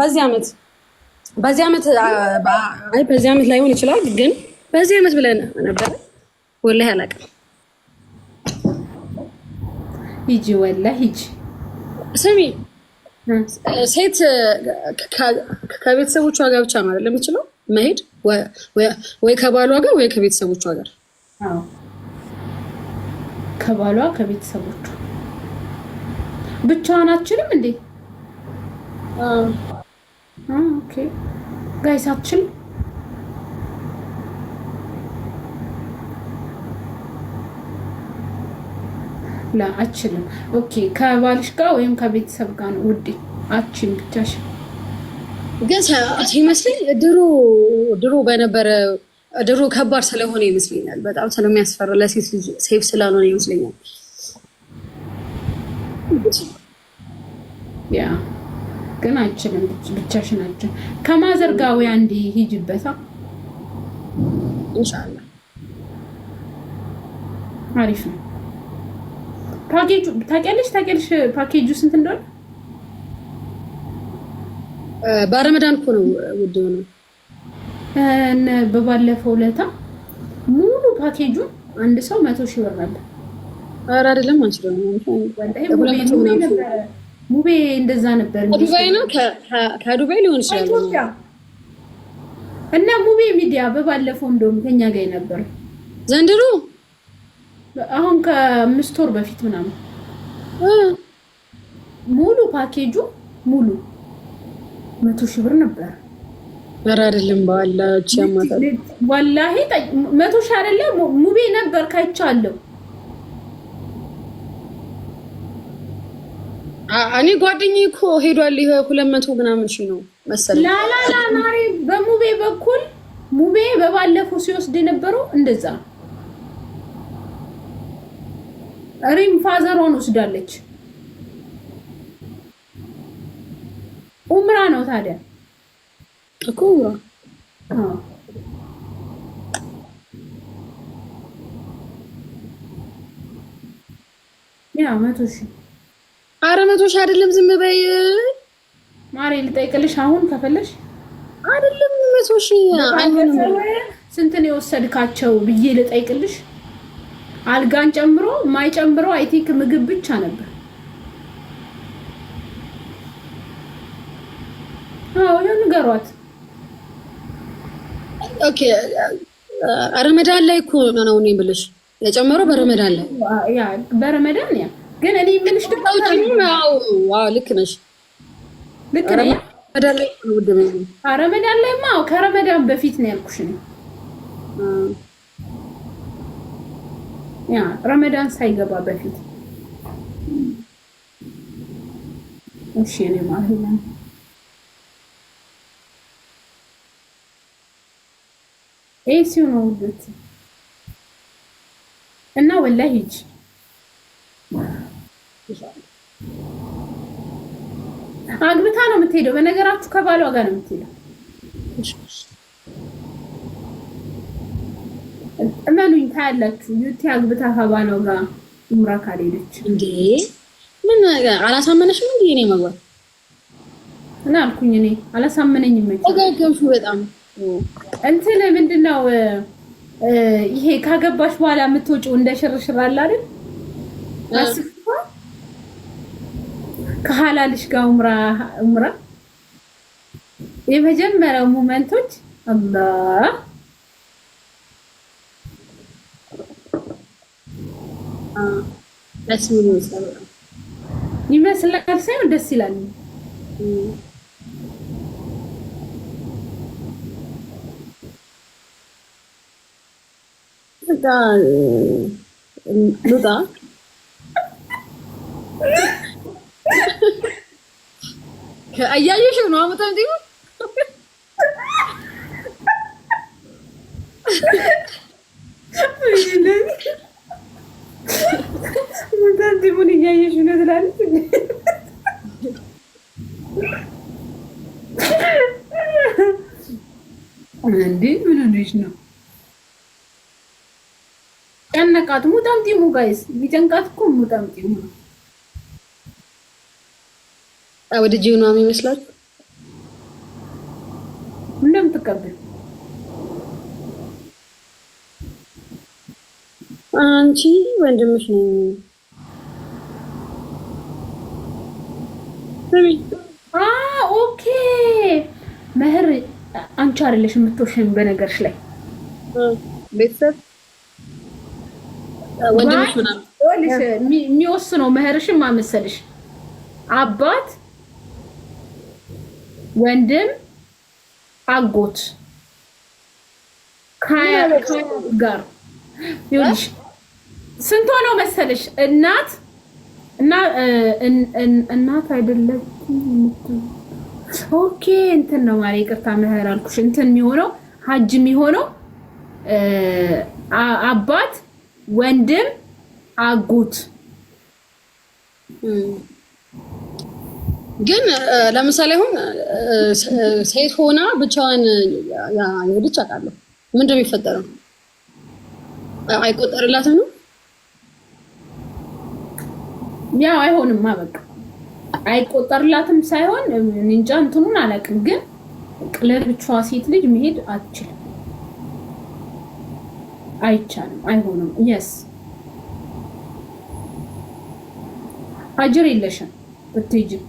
በዚህ አመት በዚህ አመት አይ በዚህ ላይሆን ይችላል፣ ግን በዚህ አመት ብለን ነበር። ወላሂ አላውቅም። ሂጂ ወላሂ ሂጂ። ስሚ ሴት ከቤተሰቦቿ ጋር ብቻ ነው አይደለም የምችለው መሄድ ወይ ከባሏ ጋር ወይ ከቤተሰቦቿ ጋር። ከባሏ ከቤተሰቦቿ ብቻዋን እንዴ? ኦኬ ጋይስ አትችልም። ላ አችልም። ኦኬ ከባልሽ ጋር ወይም ከቤተሰብ ጋር ነው ውዴ። አችን ብቻሽ ግን ይመስለኝ ድሮ ድሮ በነበረ ድሮ ከባድ ስለሆነ ይመስለኛል። በጣም ስለሚያስፈራ ለሴት ልጅ ሴፍ ስላልሆነ ይመስለኛል ያ ግን አይችልም። ብቻሽን ናቸው። ከማዘር ጋር ወይ አንድ ሂጅበታ ኢንሻአላ አሪፍ ነው። ፓኬጁ ታውቂያለሽ ታውቂያለሽ ፓኬጁ ስንት እንደሆነ በረመዳን እኮ ነው ውድ ነው። በባለፈው ለታ ሙሉ ፓኬጁ አንድ ሰው መቶ ሺህ ብር ነበር። ኧረ አይደለም አንቺ ደግሞ ሙቤ እንደዛ ነበር። ዱባይ ነው ከዱባይ ሊሆን ይችላል እና ሙቤ ሚዲያ በባለፈው እንደውም ከኛ ጋር ነበር ዘንድሮ አሁን ከአምስት ወር በፊት ምናምን ሙሉ ፓኬጁ ሙሉ መቶ ሺህ ብር ነበር። ኧረ አይደለም በኋላ ብቻ ወላሂ መቶ ሺህ አይደለም ሙቤ ነበር ካይቻለሁ እኔ ጓደኛዬ እኮ ሄዷል። ይሄ ሁለት መቶ ምናምን ሺህ ነው መሰለኝ። ላላላ ማሪ በሙቤ በኩል ሙቤ በባለፈው ሲወስድ የነበረው እንደዛ ሪም ፋዘሯን ወስዳለች። ኡምራ ነው ታዲያ እኮ ኡምራ ያ መቶ ሺህ ኧረ መቶ ሺህ አይደለም ዝም በይ ማሬ፣ ልጠይቅልሽ አሁን ከፈለሽ አይደለም መቶ ሺህ ስንት ነው የወሰድካቸው ብዬ ልጠይቅልሽ። አልጋን ጨምሮ ማይጨምረው አይ ቲንክ ምግብ ብቻ ነበር። ንገሯት። ኦኬ ረመዳን ላይ እኮ ነው ነው የምልሽ የጨመረው በረመዳን ላይ በረመዳን ያ ግን እኔ ምንሽ ልክ ነሽ፣ ልክ ነሽ። ረመዳን ላይ ማ ከረመዳን በፊት ነው ያልኩሽ። ያ ረመዳን ሳይገባ በፊት እሺ። እኔ ማለት ኤሲው ነው እና ወላሂ ሂጅ አግብታ ነው የምትሄደው። በነገራችሁ ከባሏ ጋር ነው የምትሄደው። እመኑኝ ታያላችሁ። ዩቲ አግብታ ከባሏ ጋር ኡምራ ካልሄደች እንዴ ምን አላሳመነሽም? እንዴ እኔ መግባት እና አልኩኝ እኔ አላሳመነኝም። ተጋገምሽ በጣም እንትን ምንድን ነው ይሄ ካገባሽ በኋላ የምትወጪው እንደ ሽርሽር አለ አይደል? ከሀላልሽ ጋር ኡምራ ኡምራ የመጀመሪያው ሙመንቶች አላህ ደስ ይመስላል ሳይሆን ደስ ይላል። ሉጣ እያየሽው ነው አመጣ እንዴ? ምን እያየሽው ነው ትላለች። እንዴ ምን ሆነሽ ነው? ጨነቃት ሙጣምጢሙ ጋይስ ቢጨንቃት እኮ ሙጣምጢሙ ነው። ወደ ጂኖም ይመስላል ተቀበል አንቺ ወንድምሽ ነው። ኦኬ መህር፣ አንቺ አይደለሽ የምትወሸኝ በነገርሽ ላይ ቤተሰብ ወንድምሽ ምናምን የሚወስነው መህርሽን ማመሰልሽ አባት ወንድም አጎት ጋር ይኸውልሽ፣ ስንት ሆነው መሰለሽ? እናት እና እናት አይደለም። ኦኬ እንትን ነው ማለት ይቅርታ፣ ምህር አልኩሽ። እንትን የሚሆነው ሀጅ የሚሆነው አባት፣ ወንድም፣ አጎት ግን ለምሳሌ አሁን ሴት ሆና ብቻዋን የሄደች አውቃለሁ። ምንድን ነው የሚፈጠረው? አይቆጠርላትም ነው ያው አይሆንም። በቃ አይቆጠርላትም ሳይሆን እንጃ እንትኑን አላውቅም፣ ግን ለብቻዋ ሴት ልጅ መሄድ አትችልም፣ አይቻልም፣ አይሆንም። የስ አጅር የለሽም ብትሄጂም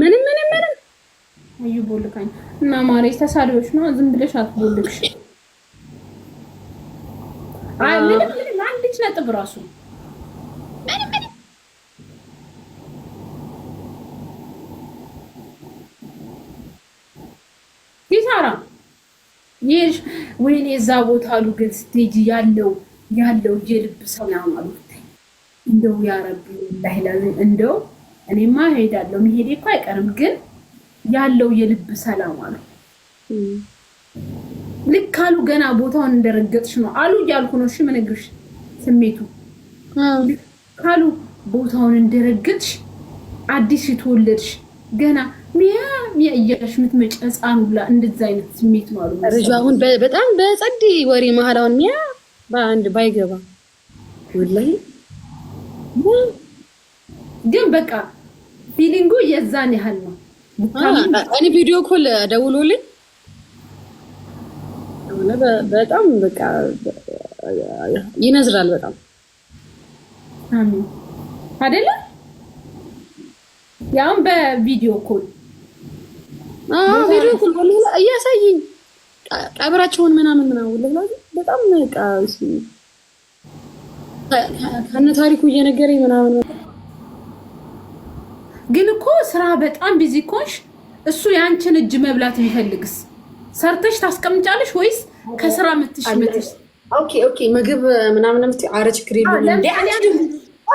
ምንም ምንም ምንም አዩ ቦልካኝ እና ማሬ ተሳሪዎች ነው። ዝም ብለሽ አትቦልክሽ። አይ ምንም ምንም አንዲት ነጥብ ራሱ ምንም ኪሳራ ይሽ ወይኔ እዛ ቦታ አሉ ግን ስቴጅ ያለው ያለው የልብ ሰው ያማሉ እንደው ያረብ ላይ እንደው እኔማ እሄዳለሁ። መሄዴ እኮ አይቀርም፣ ግን ያለው የልብ ሰላም አሉ ልክ አሉ። ገና ቦታውን እንደረገጥሽ ነው አሉ እያልኩ ነው። እሺ ምንግርሽ ስሜቱ ካሉ ቦታውን እንደረገጥሽ አዲስ የተወለድሽ ገና ሚያ ሚያ እያልሽ የምትመጪ ህፃን ሁላ እንደዛ አይነት ስሜት ነው አሉ። ልጁ አሁን በጣም በጸድ ወሬ መሀል አሁን ሚያ በአንድ ባይገባ ወላሂ ግን በቃ ፊሊንጉ የዛን ያህል ነው። እኔ ቪዲዮ ኮል ደውሎልኝ በጣም በቃ ይነዝራል። በጣም አሜን አይደለ? ያውም በቪዲዮ ኮል ቪዲዮ ኮል ወላሂ እያሳየኝ ቀብራቸውን ምናምን ምናምን ወላሂ በጣም በቃ ከነ ታሪኩ እየነገረኝ ምናምን ግን እኮ ስራ በጣም ቢዚ ኮንሽ፣ እሱ የአንችን እጅ መብላት የሚፈልግስ ሰርተሽ ታስቀምጫለሽ ወይስ ከስራ ምትሽ ምትሽ? ኦኬ ኦኬ፣ ምግብ ምናምን ምት አረ ችግር የለም እንዴ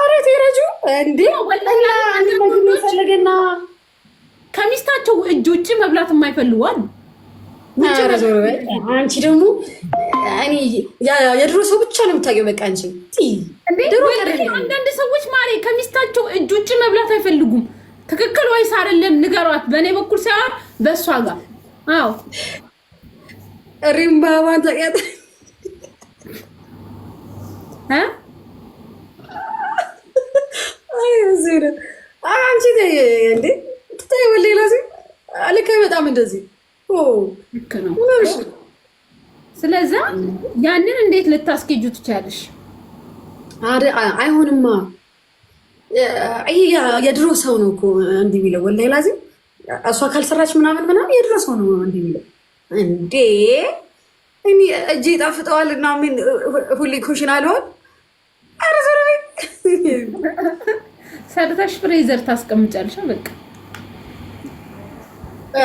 አረ ተረጁ እንዴ ፈለገና ከሚስታቸው እጅ ውጭ መብላት የማይፈልጓል። አንቺ ደግሞ የድሮ ሰው ብቻ ነው የምታውቂው። በቃ አንቺ አንዳንድ ሰዎች ማሬ ከሚስታቸው እጅ ውጭ መብላት አይፈልጉም። ትክክል ወይስ አይደለም ንገሯት። በእኔ በኩል ሳይሆን በእሷ ጋር አዎ ሪምባባ ተቀጠ አንቺ እንዴ ታይ ወሌላ ልክ በጣም እንደዚህ ስለዚ ያንን እንዴት ልታስኬጁ ትቻለሽ? አይሆንማ የድሮ ሰው ነው እኮ እንዲህ የሚለው ወላሂ ላዚም እሷ ካልሰራች ምናምን ምናምን የድሮ ሰው ነው እንዲህ የሚለው እንዴ እኔ እጄ ጣፍጠዋል እና ምን ሁሌ ኩሽና አልሆን ኧረ ዞር በይ ሰርተሽ ፍሬዘር ታስቀምጫለሽ በቃ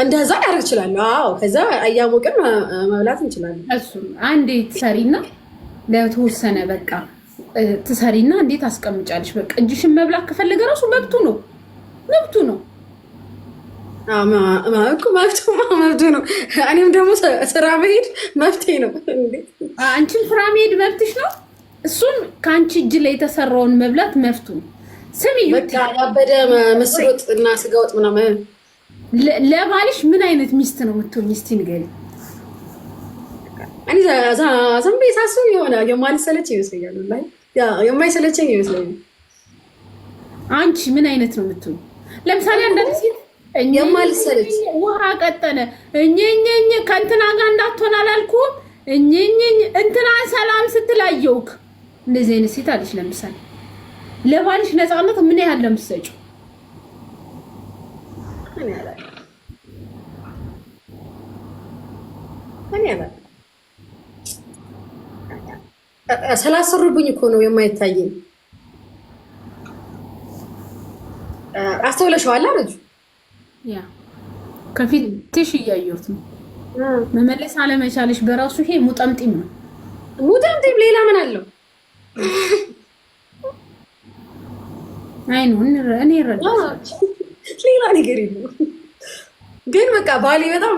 እንደዛ ያደርግ ይችላል አዎ ከዛ እያሞቅን መብላት እንችላለን እሱ አንዴ ትሰሪና ለተወሰነ በቃ ትሰሪና እንዴት አስቀምጫለሽ? በቃ እጅሽን መብላት ከፈለገ ራሱ መብቱ ነው መብቱ ነው እኮ መብቱ መብቱ ነው። እኔም ደግሞ ስራ መሄድ መብቴ ነው። አንቺን ስራ መሄድ መብትሽ ነው። እሱም ከአንቺ እጅ ላይ የተሰራውን መብላት መብቱ ነው። ስሚ ያበደ ምስር ወጥ እና ስጋ ወጥ ምናምን ለባልሽ ምን አይነት ሚስት ነው የምትሆኝ? እስቲ ንገሪኝ። እኔ ዝም ብዬ ሳስብ የሆነ የማልሰለች ይመስለኛል ላይ የማይሰለቸኝ ይመስለኝ። አንቺ ምን አይነት ነው የምትሆኝ? ለምሳሌ አንዳንድ ሴት የማልሰለች ውሃ ቀጠነ እኝኝኝ ከእንትና ጋር እንዳትሆን አላልኩም እኝኝኝ እንትና ሰላም ስትላየውክ እንደዚህ አይነት ሴት አለች። ለምሳሌ ለባልሽ ነፃነት ምን ያህል ለምትሰጪው ምን ስላሰሩብኝ እኮ ነው የማይታየኝ። አስተውለሽዋል አለች። ያ ትሽ እያየሁት ነው። መመለስ አለመቻልሽ በራሱ ይሄ ሙጠምጢም ነው። ሙጠምጢም ሌላ ምን አለው? አይኑ እኔ እረዳ ሌላ ነገር የለውም። ግን በቃ ባሌ በጣም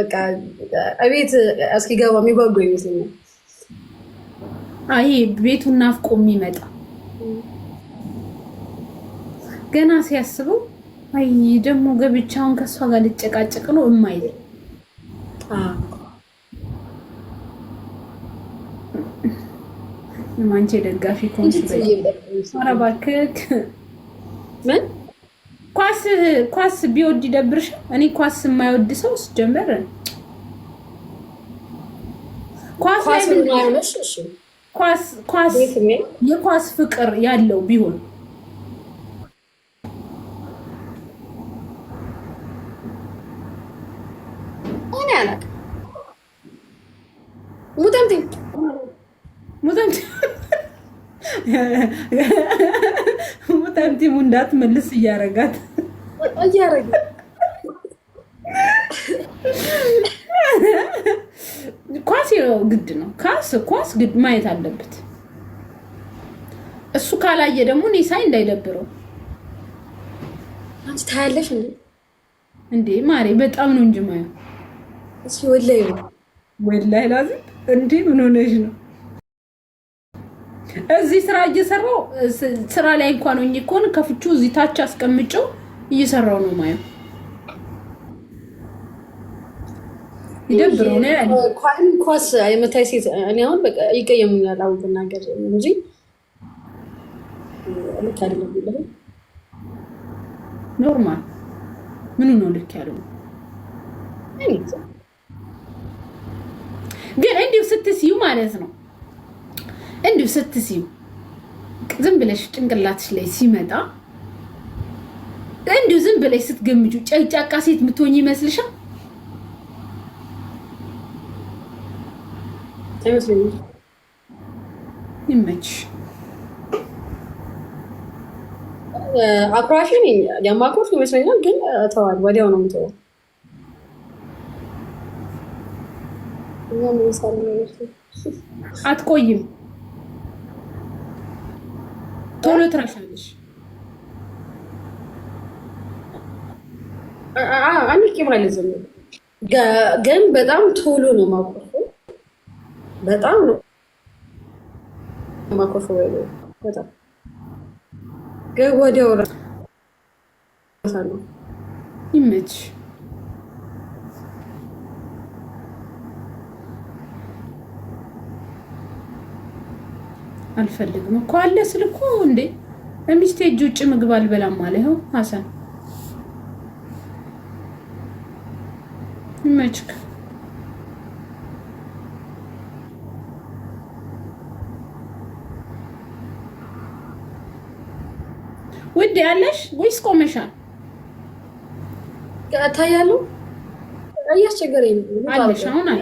በቃ እቤት እስኪገባ የሚጓጓ ይመስለኛል። አይ ቤቱን ናፍቆ የሚመጣ ገና ሲያስበው አይ ደግሞ ገብቻውን ከእሷ ጋር ልጨቃጨቅ ነው እማይለኝ ማንቼ ደጋፊ ኧረ ምን ኳስ ኳስ ቢወድ ይደብርሽ። እኔ ኳስ የማይወድ ሰው ስጀምር ኳስ ላይ ኳስ የኳስ ፍቅር ያለው ቢሆን ሙተምቲሙ መልስ እያረጋት እያረጋት ኳስ ግድ ነው። ካስ ኳስ ግድ ማየት አለበት። እሱ ካላየ ደግሞ እኔ ሳይ እንዳይደብረው። አንቺ ታያለሽ እንዴ? እንዴ ማሬ፣ በጣም ነው እንጂ ማየው። እስኪ ወላይ ወላይ ላዚም እንዴ፣ ምን ሆነሽ ነው? እዚህ ስራ እየሰራው ስራ ላይ እንኳን ሆኜ ከሆነ ከፍቹ እዚህ ታች አስቀምጬው እየሰራው ነው ማየው ኳስ የመታይ ሴት እኔ አሁን በቃ ይቀየሙኛል። አሁን ብናገር እንጂ ልክ አይደለም። ኖርማል ምኑ ነው ልክ ያለው? ግን እንዲሁ ስትስዩ ማለት ነው እንዲሁ ስትስዩ ዝም ብለሽ ጭንቅላትሽ ላይ ሲመጣ እንዲሁ ዝም ብለሽ ስትገምጁ ጨቅጫቃ ሴት የምትሆኝ ይመስልሻል? አይመስለኝም። ይመች አኩራሽ የማኮርፍ ይመስለኛል፣ ግን ተዋል ወዲያው ነው ምትለው አትቆይም፣ ቶሎ ትረሻለሽ። አንድ ቂም አልይዝም፣ ግን በጣም ቶሎ ነው ማኮርፍ በጣም ነው ማኮርፎ በጣም ወዲያው ራሳ ነው ይመች አልፈልግም እኮ አለ ስል እንዴ በሚስቴ እጅ ውጭ ምግብ አልበላም አለ። ይኸው ሀሰን ይመችክ። ውድ ያለሽ ወይስ ቆመሻል? ታያሉ እያስቸገረ አለሽ። አሁን አለ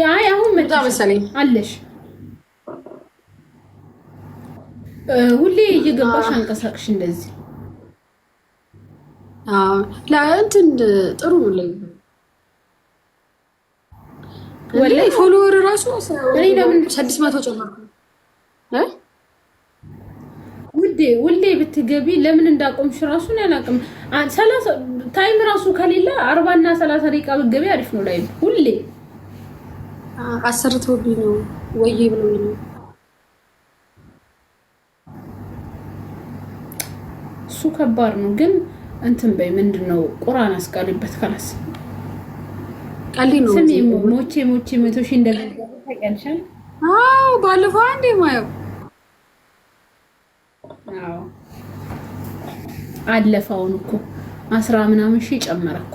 ያ አሁን መጣ መሰለኝ አለሽ። ሁሌ እየገባሽ አንቀሳቅሽ እንደዚህ እንትን ጥሩ ላይ ፎሎወር ራሱ ስድስት መቶ ጨመርኩ። ውዴ ሁሌ ብትገቢ ለምን እንዳቆምሽ ራሱን አላውቅም። ታይም ራሱ ከሌለ አርባ እና ሰላሳ ደቂቃ ብትገቢ አሪፍ ነው። ላይ ሁሌ አሰርተውብኝ ነው ወይ ብሎ ነው እሱ ከባድ ነው። ግን እንትን በይ ምንድን ነው ቁራን አስቃልበት ካላስ ስሜ ሞቼ ሞቼ መቶ ሺ እንደገባ ታውቂያለሽ። አዎ ባለፈው አንዴ ማየው አለፈውን እኮ አስራ ምናምን ሺ ጨመረኩ?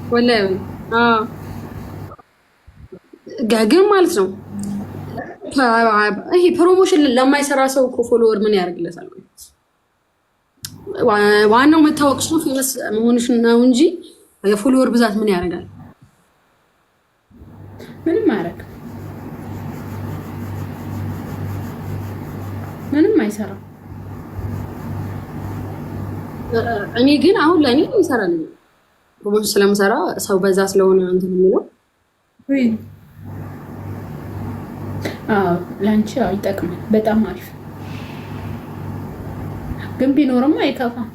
እኮ ወላሂ ግን ማለት ነው። ይሄ ፕሮሞሽን ለማይሰራ ሰው እኮ ፎሎወር ምን ያደርግለታል? ዋናው መታወቅ ሱ ፌመስ መሆንሽ ነው እንጂ የፎሎወር ብዛት ምን ያደርጋል? ምንም አያደርግም። ምንም አይሰራም። እኔ ግን አሁን ለእኔ ይሰራል ሮቦት ስለምሰራ ሰው በዛ ስለሆነ እንትን የሚለው ለአንቺ ይጠቅማል። በጣም አሪፍ ግን ቢኖርም አይከፋም፣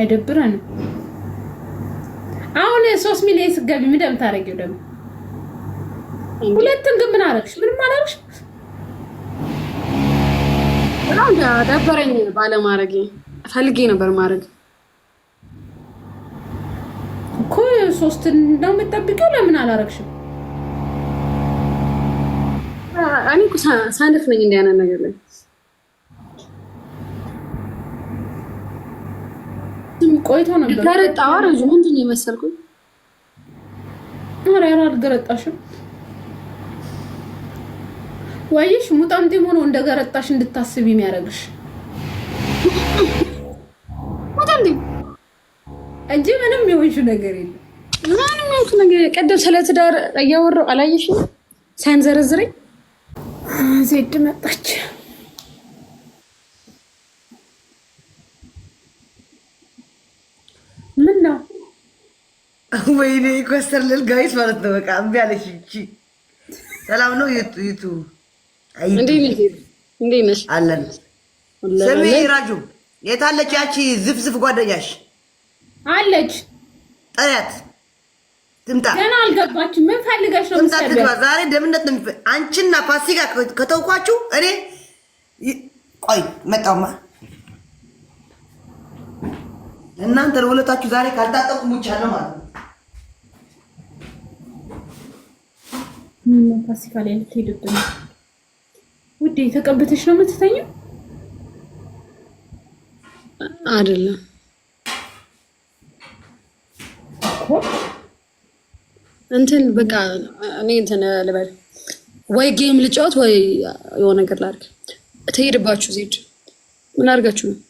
አይደብረንም። አሁን ሶስት ሚሊዮን ስገቢ ምንድን ነው ደግሞ ሁለትን ግን ምን አደረግሽ? ምንም አላደረግሽ። በጣም ደበረኝ ባለማድረግ ፈልጌ ነበር ማድረግ እኮ ሶስት እንደው የምጠብቀው ለምን አላረግሽም? እኔ እኮ ሳንደፍ ነኝ እንዲያነ ነገር ላይ ቆይቶ ነበር ገረጣዋ ረዥ ምንድን ነው የመሰልኩኝ? ኧረ አልገረጣሽም ዋየሽ ሙጣምጤም ሆኖ እንደገረጣሽ እንድታስብ የሚያደርግሽ ሙጣምጤም እንጂ ምንም የሆንሽ ነገር የለም። ምንም የሆንሽ ነገር ቀደም ስለ ትዳር እያወራሁ አላየሽም? ሳያንዘረዝረኝ ዜድ መጣች። ምን ነው ወይኔ ኮስተር ልል ጋይስ ማለት ነው። በቃ እምቢ አለሽ። ሰላም ነው የቱ እንዴት ነሽ? አለን። ስሚ ራጁ፣ የታለች ያቺ ዝፍዝፍ ጓደኛሽ? አለች። ጥሪያት ትምጣ። ገና አልገባችም። ምን ፈልገሽ ነው? ትምጣ፣ ትግባ። ዛሬ ደምነት ነው። አንቺና ፋሲካ ከተውኳችሁ እኔ ቆይ መጣሁማ። እናንተ ለሁለታችሁ ዛሬ ካልታጠቁ ሙቻለሁ ማለት ነው። ፋሲካ ላይ ልትሄድብን እንዴ ተቀብተሽ ነው የምትተኘው? አይደለም እኮ እንትን በቃ እኔ እንትን ልበል ወይ ጌም ልጫወት ወይ የሆነ ነገር ላድርግ። ትሄድባችሁ ዜድ ምን አድርጋችሁ ነው?